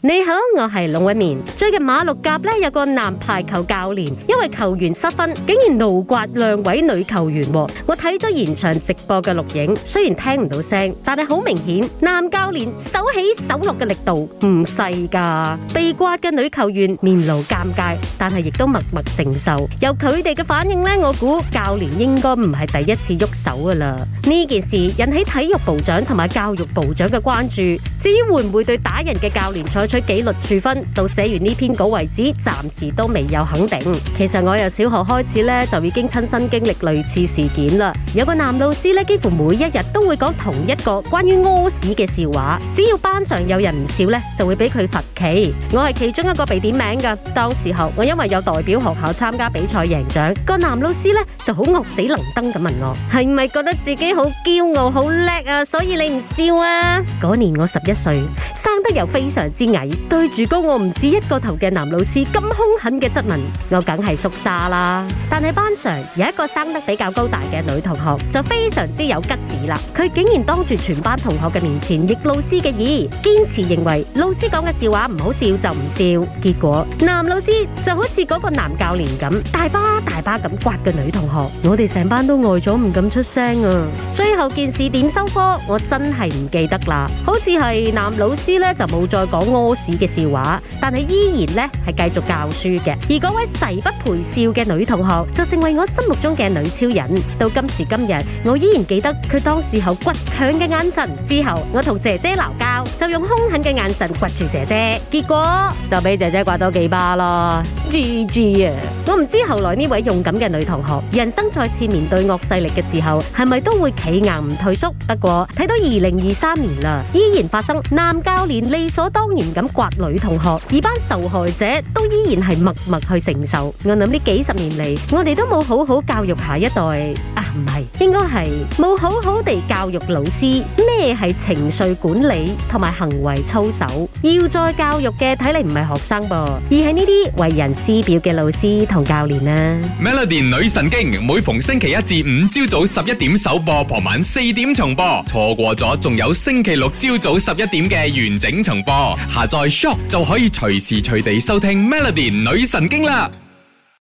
你好，我係龍紋敏。最近馬六甲咧有個男排球教練，因為球員失分，竟然怒摑兩位女球員。我睇咗現場直播嘅錄影，雖然聽唔到聲，但係好明顯，男教練手起手落嘅力度唔細噶。被摑嘅女球員面露尷尬，但係亦都默默承受。由佢哋嘅反應咧，我估教練應該唔係第一次喐手噶啦。呢件事引起體育部長同埋教育部長嘅關注。至於會唔會對打人嘅教練取紀律處分，到寫完呢篇稿為止，暫時都未有肯定。其實我由小學開始咧就已經親身經歷類似事件啦。有個男老師咧，幾乎每一日都會講同一個關於屙屎嘅笑話，只要班上有人唔笑咧，就會俾佢罰企。我係其中一個被點名噶。當時候我因為有代表學校參加比賽贏獎，個男老師咧就好惡死能登咁問我，係咪覺得自己好驕傲、好叻啊？所以你唔笑啊？嗰年我十一歲，生得又非常之對住高我唔止一個頭嘅男老師咁凶狠嘅質問，我梗係縮沙啦。但係班上有一個生得比較高大嘅女同學，就非常之有吉事啦。佢竟然當住全班同學嘅面前逆老師嘅意，堅持認為老師講嘅笑話唔好笑就唔笑。結果男老師就好似嗰個男教練咁，大巴大巴咁刮嘅女同學，我哋成班都呆咗唔敢出聲啊。最後件事點收科，我真係唔記得啦。好似係男老師咧就冇再講我。嘅笑話，但係依然咧係繼續教書嘅。而嗰位誓不陪笑嘅女同學就成為我心目中嘅女超人。到今時今日，我依然記得佢當時候倔強嘅眼神。之後我同姐姐鬧交，就用兇狠嘅眼神掘住姐姐，結果就俾姐姐摑多幾巴咯。知知啊！我唔知後來呢位勇敢嘅女同學，人生再次面對惡勢力嘅時候，係咪都會企硬唔退縮？不過睇到二零二三年啦，依然發生男教練理所當然咁刮女同學，而班受害者都依然係默默去承受。我諗呢幾十年嚟，我哋都冇好好教育下一代啊，唔係，應該係冇好好地教育老師咩？係情緒管理同埋行為操守，要再教育嘅睇嚟唔係學生噃，而係呢啲為人。師表嘅老師同教練啊。Melody 女神經每逢星期一至五朝早十一點首播，傍晚四點重播，錯過咗仲有星期六朝早十一點嘅完整重播，下載 Shop 就可以隨時隨地收聽 Melody 女神經啦。